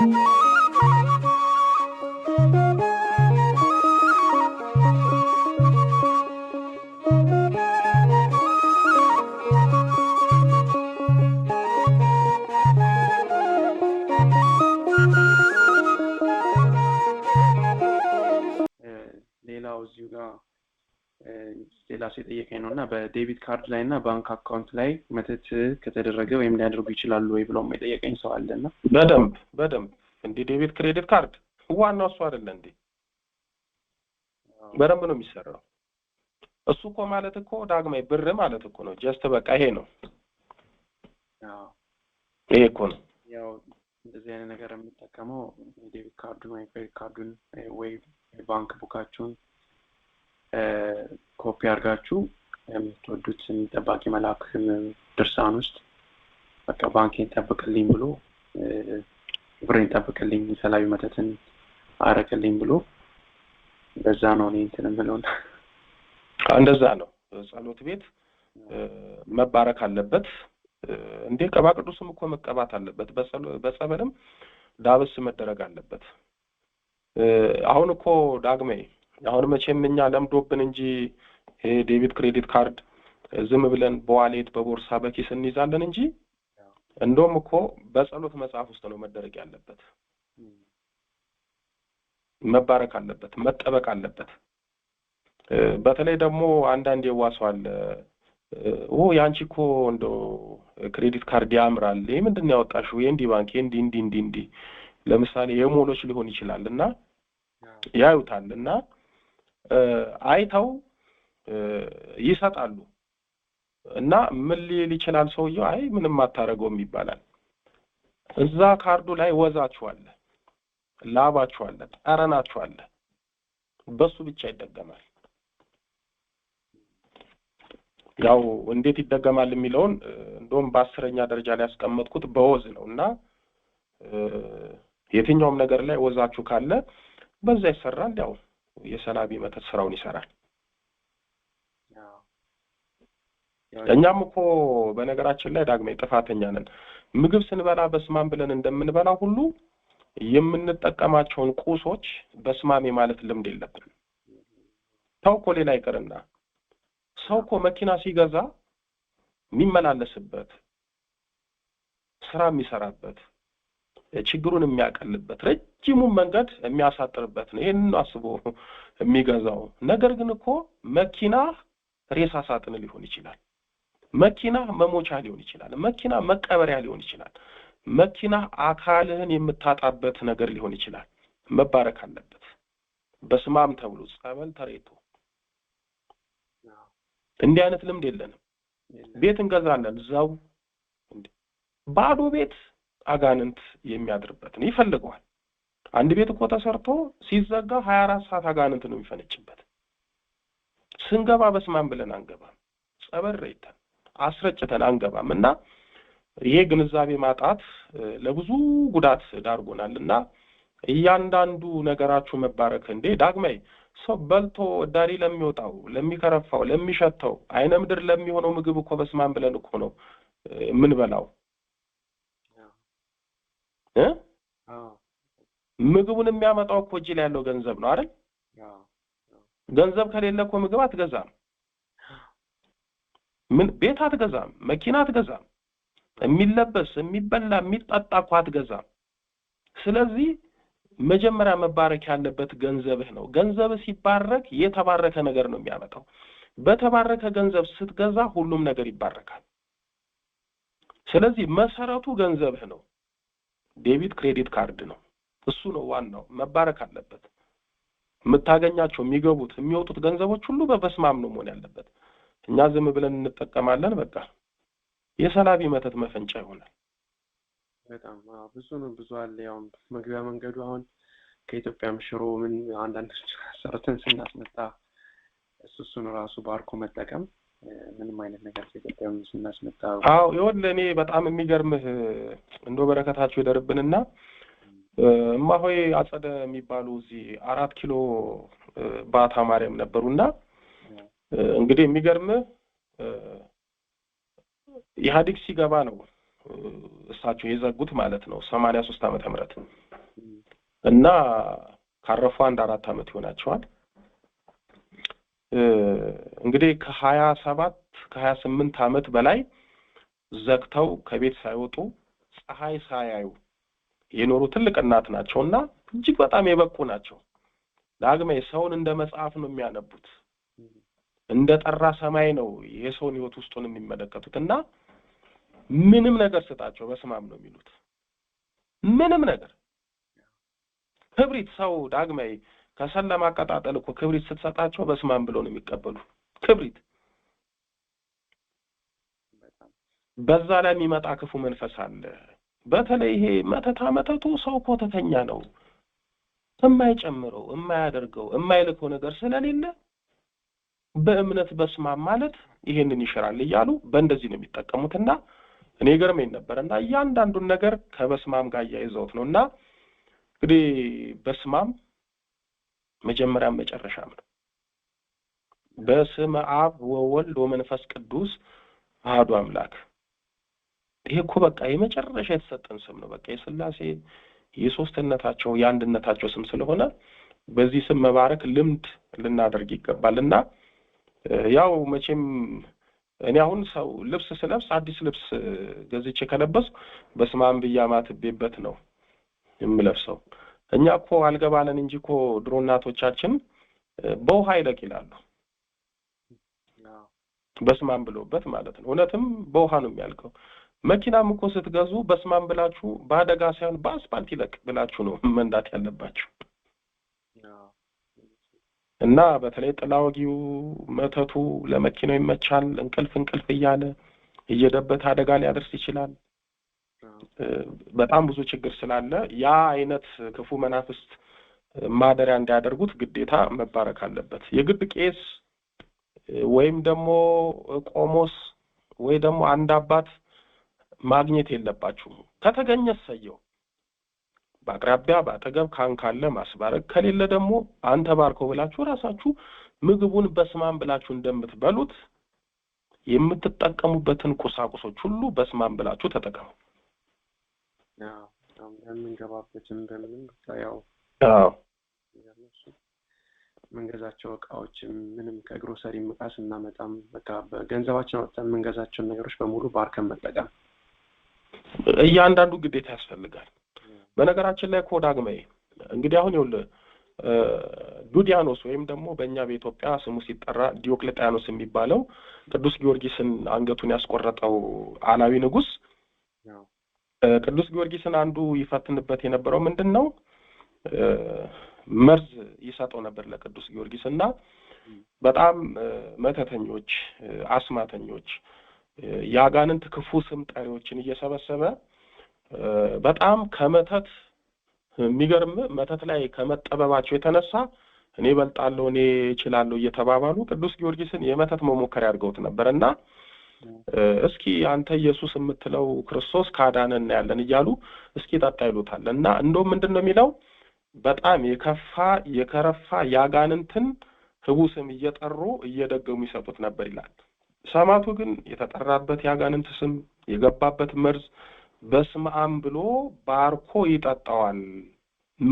Musik በዴቢት ካርድ ላይ እና ባንክ አካውንት ላይ መተት ከተደረገ ወይም ሊያደርጉ ይችላሉ ወይ ብለው የጠየቀኝ ሰው አለ እና በደንብ በደንብ እንዲህ ዴቢት ክሬዲት ካርድ ዋናው እሱ አይደለ እንዴ? በደንብ ነው የሚሰራው። እሱ እኮ ማለት እኮ ዳግማይ ብር ማለት እኮ ነው። ጀስት በቃ ይሄ ነው ይሄ እኮ ነው። ያው እንደዚህ አይነት ነገር የምንጠቀመው የዴቢት ካርዱን ወይ ክሬዲት ካርዱን ወይ ባንክ ቡካችሁን ኮፒ አድርጋችሁ የምትወዱት ጠባቂ መልአክ ድርሳን ውስጥ በቃ ባንኬን ጠብቅልኝ ብሎ ብሬን ጠብቅልኝ፣ የተለያዩ መተትን አረቅልኝ ብሎ በዛ ነው እኔ እንትን የምለው እንደዛ ነው። ጸሎት ቤት መባረክ አለበት እንዴ ቀባ ቅዱስም እኮ መቀባት አለበት። በጸበልም ዳብስ መደረግ አለበት። አሁን እኮ ዳግሜ አሁን መቼም እኛ ለምዶብን እንጂ ይሄ ዴቢት ክሬዲት ካርድ ዝም ብለን በዋሌት በቦርሳ በኪስ እንይዛለን እንጂ እንደውም እኮ በጸሎት መጽሐፍ ውስጥ ነው መደረግ ያለበት። መባረክ አለበት፣ መጠበቅ አለበት። በተለይ ደግሞ አንዳንድ የዋሷል ኦ ያንቺ እኮ እንደ ክሬዲት ካርድ ያምራል፣ ይህ ምንድን ያወጣሽው? ይህ ባንክ እንዲ እንዲ እንዲ እንዲ ለምሳሌ የሞሎች ሊሆን ይችላል እና ያዩታል እና አይተው ይሰጣሉ እና ምን ሊል ይችላል ሰውየው? አይ ምንም አታደርገውም ይባላል። እዛ ካርዱ ላይ ወዛችሁ አለ፣ ላባችሁ አለ፣ ጠረናችሁ አለ። በሱ ብቻ ይደገማል። ያው እንዴት ይደገማል የሚለውን እንደውም በአስረኛ ደረጃ ላይ ያስቀመጥኩት በወዝ ነው እና የትኛውም ነገር ላይ ወዛችሁ ካለ በዛ ይሰራል። ያው የሰናቢ መተት ስራውን ይሰራል። እኛም እኮ በነገራችን ላይ ዳግመ ጥፋተኛ ነን። ምግብ ስንበላ በስማም ብለን እንደምንበላ ሁሉ የምንጠቀማቸውን ቁሶች በስማሜ ማለት ልምድ የለብን። ተው እኮ ሌላ ይቅርና ሰው እኮ መኪና ሲገዛ የሚመላለስበት ስራ የሚሰራበት ችግሩን የሚያቀልበት ረጅሙን መንገድ የሚያሳጥርበት ነው። ይህን አስቦ የሚገዛው ነገር ግን እኮ መኪና ሬሳ ሳጥን ሊሆን ይችላል። መኪና መሞቻ ሊሆን ይችላል። መኪና መቀበሪያ ሊሆን ይችላል። መኪና አካልህን የምታጣበት ነገር ሊሆን ይችላል። መባረክ አለበት። በስማም ተብሎ ጸበል ተሬቶ እንዲህ አይነት ልምድ የለንም። ቤት እንገዛለን እዛው ባዶ ቤት አጋንንት የሚያድርበት ነው ይፈልገዋል። አንድ ቤት እኮ ተሰርቶ ሲዘጋ ሀያ አራት ሰዓት አጋንንት ነው የሚፈነጭበት። ስንገባ በስማም ብለን አንገባም። ጸበል ረይተን አስረጭተን አንገባም እና ይሄ ግንዛቤ ማጣት ለብዙ ጉዳት ዳርጎናል እና እያንዳንዱ ነገራችሁ መባረክ እንዴ ዳግማይ ሰው በልቶ እዳሪ ለሚወጣው ለሚከረፋው ለሚሸተው አይነ ምድር ለሚሆነው ምግብ እኮ በስማን ብለን እኮ ነው የምንበላው ምግቡን የሚያመጣው እኮ እጅ ላይ ያለው ገንዘብ ነው አይደል ገንዘብ ከሌለ እኮ ምግብ አትገዛም ምን ቤት አትገዛም፣ መኪና አትገዛም፣ የሚለበስ የሚበላ የሚጠጣ እኮ አትገዛም። ስለዚህ መጀመሪያ መባረክ ያለበት ገንዘብህ ነው። ገንዘብህ ሲባረክ የተባረከ ነገር ነው የሚያመጣው። በተባረከ ገንዘብ ስትገዛ ሁሉም ነገር ይባረካል። ስለዚህ መሰረቱ ገንዘብህ ነው። ዴቢት ክሬዲት ካርድ ነው። እሱ ነው ዋናው፣ መባረክ አለበት። የምታገኛቸው የሚገቡት የሚወጡት ገንዘቦች ሁሉ በበስማም ነው መሆን ያለበት። እኛ ዝም ብለን እንጠቀማለን። በቃ የሰላቢ መተት መፈንጫ ይሆናል። በጣም ብዙ ነው፣ ብዙ አለ። ያው መግቢያ መንገዱ አሁን ከኢትዮጵያም ሽሮ ምን አንዳንድ ሰርተን ስናስመጣ እሱ እሱን ራሱ ባርኮ መጠቀም ምንም አይነት ነገር ከኢትዮጵያ ስናስመጣ። አዎ ይሆን ለእኔ በጣም የሚገርምህ እንደ በረከታቸው ይደርብንና እማሆይ አጸደ የሚባሉ እዚህ አራት ኪሎ ባታ ማርያም ነበሩና እንግዲህ የሚገርም ኢህአዴግ ሲገባ ነው እሳቸው የዘጉት ማለት ነው ሰማንያ ሶስት አመተ ምህረት እና ካረፉ አንድ አራት አመት ይሆናቸዋል። እንግዲህ ከሀያ ሰባት ከሀያ ስምንት አመት በላይ ዘግተው ከቤት ሳይወጡ ፀሐይ ሳያዩ የኖሩ ትልቅ እናት ናቸው እና እጅግ በጣም የበቁ ናቸው። ዳግመ ሰውን እንደ መጽሐፍ ነው የሚያነቡት። እንደ ጠራ ሰማይ ነው የሰውን ህይወት ውስጡን የሚመለከቱት እና ምንም ነገር ስጣቸው በስማም ነው የሚሉት። ምንም ነገር ክብሪት፣ ሰው ዳግማይ ከሰል ለማቀጣጠል እኮ ክብሪት ስትሰጣቸው በስማም ብለው ነው የሚቀበሉ። ክብሪት በዛ ላይ የሚመጣ ክፉ መንፈስ አለ። በተለይ ይሄ መተታ መተቱ ሰው ኮተተኛ ነው። የማይጨምረው የማያደርገው የማይልከው ነገር ስለሌለ በእምነት በስማም ማለት ይሄንን ይሽራል እያሉ በእንደዚህ ነው የሚጠቀሙትና እኔ ገርመኝ ነበር እና እያንዳንዱን ነገር ከበስማም ጋር እያይዘውት ነው እና እንግዲህ በስማም መጀመሪያም መጨረሻም ነው። በስመ አብ ወወልድ ወመንፈስ ቅዱስ አህዱ አምላክ። ይሄ እኮ በቃ የመጨረሻ የተሰጠን ስም ነው። በቃ የስላሴ የሶስትነታቸው የአንድነታቸው ስም ስለሆነ በዚህ ስም መባረክ ልምድ ልናደርግ ይገባል እና ያው መቼም እኔ አሁን ሰው ልብስ ስለብስ አዲስ ልብስ ገዝቼ ከለበስ በስማም ብያ ማትቤበት ነው የምለብሰው። እኛ እኮ አልገባለን እንጂ እኮ ድሮ እናቶቻችን በውሃ ይለቅ ይላሉ፣ በስማም ብሎበት ብለውበት ማለት ነው። እውነትም በውሃ ነው የሚያልቀው። መኪናም እኮ ስትገዙ በስማም ብላችሁ በአደጋ ሳይሆን በአስፓልት ይለቅ ብላችሁ ነው መንዳት ያለባችሁ። እና በተለይ ጥላ መተቱ ለመኪናው ይመቻል። እንቅልፍ እንቅልፍ እያለ እየደበት አደጋ ሊያደርስ ይችላል። በጣም ብዙ ችግር ስላለ ያ አይነት ክፉ መናፍስት ማደሪያ እንዲያደርጉት ግዴታ መባረክ አለበት። የግድ ቄስ ወይም ደግሞ ቆሞስ ወይ ደግሞ አንድ አባት ማግኘት የለባችሁም። ከተገኘ ሰየው በአቅራቢያ በአጠገብ ካን ካለ ማስባረግ ከሌለ ደግሞ አንተ ባርከው ብላችሁ ራሳችሁ ምግቡን በስማም ብላችሁ እንደምትበሉት የምትጠቀሙበትን ቁሳቁሶች ሁሉ በስማም ብላችሁ ተጠቀሙ። መንገዛቸው እንደምንም ምንም ከግሮሰሪ እቃ ስናመጣም በቃ በገንዘባችን አወጣን የምንገዛቸውን ነገሮች በሙሉ ባርከን መጠቀም እያንዳንዱ ግዴታ ያስፈልጋል። በነገራችን ላይ እኮ ዳግመይ እንግዲህ አሁን ይኸውልህ ዱዲያኖስ ወይም ደግሞ በእኛ በኢትዮጵያ ስሙ ሲጠራ ዲዮቅልጣያኖስ የሚባለው ቅዱስ ጊዮርጊስን አንገቱን ያስቆረጠው አላዊ ንጉስ ቅዱስ ጊዮርጊስን አንዱ ይፈትንበት የነበረው ምንድን ነው? መርዝ ይሰጠው ነበር ለቅዱስ ጊዮርጊስ እና በጣም መተተኞች፣ አስማተኞች፣ የአጋንንት ክፉ ስም ጠሪዎችን እየሰበሰበ በጣም ከመተት የሚገርም መተት ላይ ከመጠበባቸው የተነሳ እኔ በልጣለሁ እኔ እችላለሁ እየተባባሉ ቅዱስ ጊዮርጊስን የመተት መሞከሪያ አድርገውት ነበር እና እስኪ አንተ ኢየሱስ የምትለው ክርስቶስ ካዳነ እናያለን እያሉ እስኪ ጠጣ ይሉታል እና እንደውም ምንድን ነው የሚለው በጣም የከፋ የከረፋ ያጋንንትን ህቡስም ስም እየጠሩ እየደገሙ ይሰጡት ነበር ይላል። ሰማቱ ግን የተጠራበት ያጋንንት ስም የገባበት መርዝ በስመ አብ ብሎ ባርኮ ይጠጣዋል፣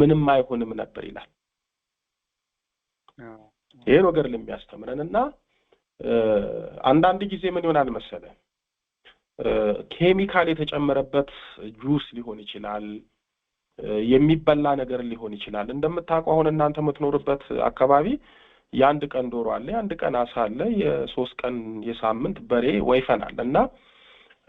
ምንም አይሆንም ነበር ይላል። ይሄ ነገር ለሚያስተምረን እና አንዳንድ ጊዜ ምን ይሆናል መሰለ ኬሚካል የተጨመረበት ጁስ ሊሆን ይችላል፣ የሚበላ ነገር ሊሆን ይችላል። እንደምታውቀው አሁን እናንተ የምትኖርበት አካባቢ የአንድ ቀን ዶሮ አለ፣ የአንድ ቀን አሳ አለ፣ የሶስት ቀን የሳምንት በሬ ወይፈን አለ እና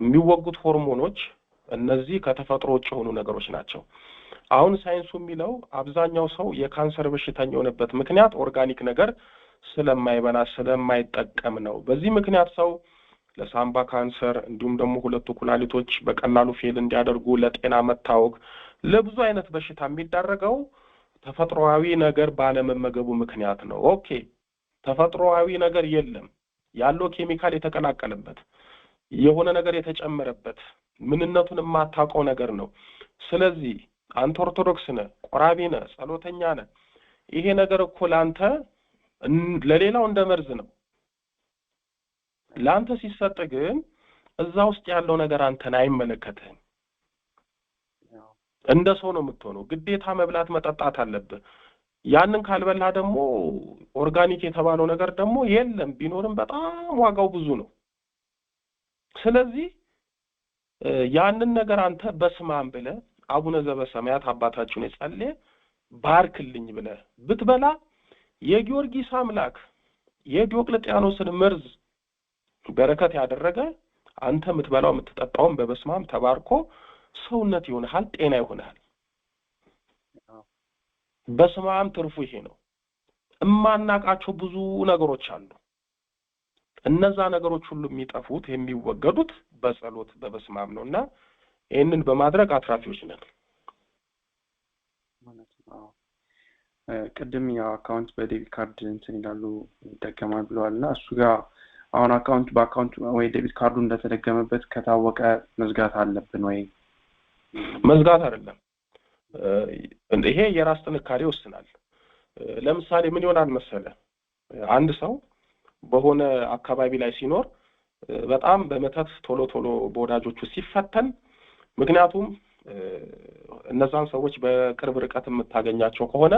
የሚወጉት ሆርሞኖች እነዚህ ከተፈጥሮ ውጭ የሆኑ ነገሮች ናቸው። አሁን ሳይንሱ የሚለው አብዛኛው ሰው የካንሰር በሽተኛ የሆነበት ምክንያት ኦርጋኒክ ነገር ስለማይበላ ስለማይጠቀም ነው። በዚህ ምክንያት ሰው ለሳምባ ካንሰር እንዲሁም ደግሞ ሁለቱ ኩላሊቶች በቀላሉ ፌል እንዲያደርጉ፣ ለጤና መታወክ፣ ለብዙ አይነት በሽታ የሚዳረገው ተፈጥሮዊ ነገር ባለመመገቡ ምክንያት ነው። ኦኬ ተፈጥሮዊ ነገር የለም ያለው ኬሚካል የተቀላቀለበት የሆነ ነገር የተጨመረበት ምንነቱን የማታውቀው ነገር ነው። ስለዚህ አንተ ኦርቶዶክስ ነህ፣ ቆራቢ ነህ፣ ጸሎተኛ ነህ። ይሄ ነገር እኮ ለአንተ ለሌላው እንደ መርዝ ነው። ለአንተ ሲሰጥ ግን እዛ ውስጥ ያለው ነገር አንተን አይመለከትህም። እንደ ሰው ነው የምትሆነው። ግዴታ መብላት መጠጣት አለብህ። ያንን ካልበላ ደግሞ ኦርጋኒክ የተባለው ነገር ደግሞ የለም፣ ቢኖርም በጣም ዋጋው ብዙ ነው። ስለዚህ ያንን ነገር አንተ በስማም ብለ አቡነ ዘበሰማያት አባታችን የጸለየ ባርክልኝ ብለ ብትበላ የጊዮርጊስ አምላክ የዲዮቅልጥያኖስን መርዝ በረከት ያደረገ አንተ የምትበላው የምትጠጣውን በበስማም ተባርኮ ሰውነት ይሆንሃል፣ ጤና ይሆንሃል። በስማም ትርፉ ይሄ ነው። እማናቃቸው ብዙ ነገሮች አሉ። እነዛ ነገሮች ሁሉ የሚጠፉት የሚወገዱት በጸሎት በበስማም ነው እና ይህንን በማድረግ አትራፊዎች ነን። ቅድም ያው አካውንት በዴቢት ካርድ እንትን ይላሉ ይደገማል ብለዋል እና እሱ ጋር አሁን አካውንት በአካውንቱ ወይ ዴቢት ካርዱ እንደተደገመበት ከታወቀ መዝጋት አለብን ወይ? መዝጋት አይደለም። ይሄ የራስ ጥንካሬ ይወስናል። ለምሳሌ ምን ይሆናል መሰለ አንድ ሰው በሆነ አካባቢ ላይ ሲኖር በጣም በመተት ቶሎ ቶሎ በወዳጆቹ ሲፈተን፣ ምክንያቱም እነዛን ሰዎች በቅርብ ርቀት የምታገኛቸው ከሆነ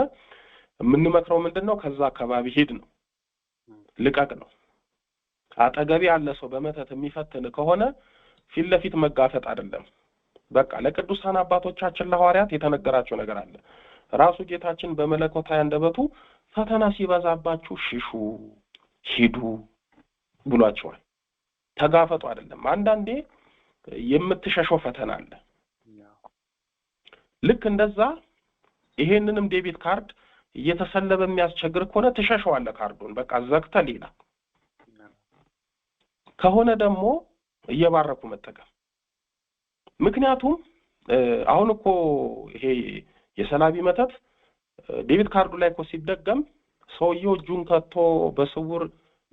የምንመክረው ምንድን ነው? ከዛ አካባቢ ሂድ ነው፣ ልቀቅ ነው። አጠገቢ ያለ ሰው በመተት የሚፈትን ከሆነ ፊት ለፊት መጋፈጥ አይደለም። በቃ ለቅዱሳን አባቶቻችን ለሐዋርያት የተነገራቸው ነገር አለ። ራሱ ጌታችን በመለኮታዊ አንደበቱ ፈተና ሲበዛባችሁ ሽሹ ሂዱ ብሏቸዋል። ተጋፈጡ አይደለም። አንዳንዴ የምትሸሸው ፈተና አለ። ልክ እንደዛ ይሄንንም ዴቢት ካርድ እየተሰለበ የሚያስቸግር ከሆነ ትሸሸዋለህ። ካርዱን በቃ ዘግተ ሌላ ከሆነ ደግሞ እየባረኩ መጠቀም። ምክንያቱም አሁን እኮ ይሄ የሰላቢ መተት ዴቢት ካርዱ ላይ እኮ ሲደገም ሰውየው እጁን ከቶ በስውር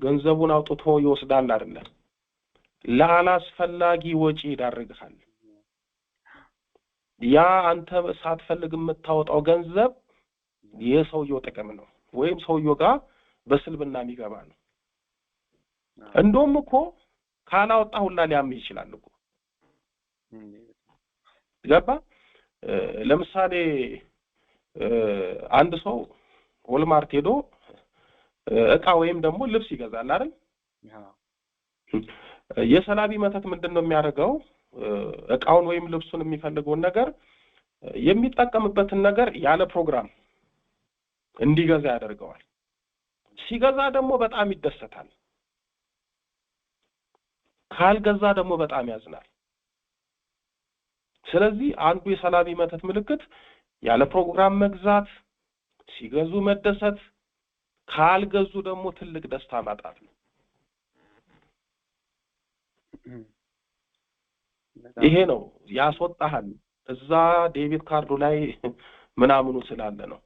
ገንዘቡን አውጥቶ ይወስዳል አይደለ? ለአላስፈላጊ ወጪ ይዳርግሃል። ያ አንተ ሳትፈልግ የምታወጣው ገንዘብ የሰውየው ጥቅም ነው፣ ወይም ሰውየው ጋር በስልብና የሚገባ ነው። እንደውም እኮ ካላወጣ ሁላ ሊያምህ ይችላል እኮ ገባ። ለምሳሌ አንድ ሰው ወልማርት ሄዶ እቃ ወይም ደግሞ ልብስ ይገዛል አይደል? የሰላቢ መተት ምንድን ነው የሚያደርገው? እቃውን ወይም ልብሱን የሚፈልገውን ነገር የሚጠቀምበትን ነገር ያለ ፕሮግራም እንዲገዛ ያደርገዋል። ሲገዛ ደግሞ በጣም ይደሰታል። ካልገዛ ደግሞ በጣም ያዝናል። ስለዚህ አንዱ የሰላቢ መተት ምልክት ያለ ፕሮግራም መግዛት ሲገዙ መደሰት፣ ካልገዙ ደግሞ ትልቅ ደስታ ማጣት ነው። ይሄ ነው ያስወጣሃል። እዛ ዴቢት ካርዱ ላይ ምናምኑ ስላለ ነው።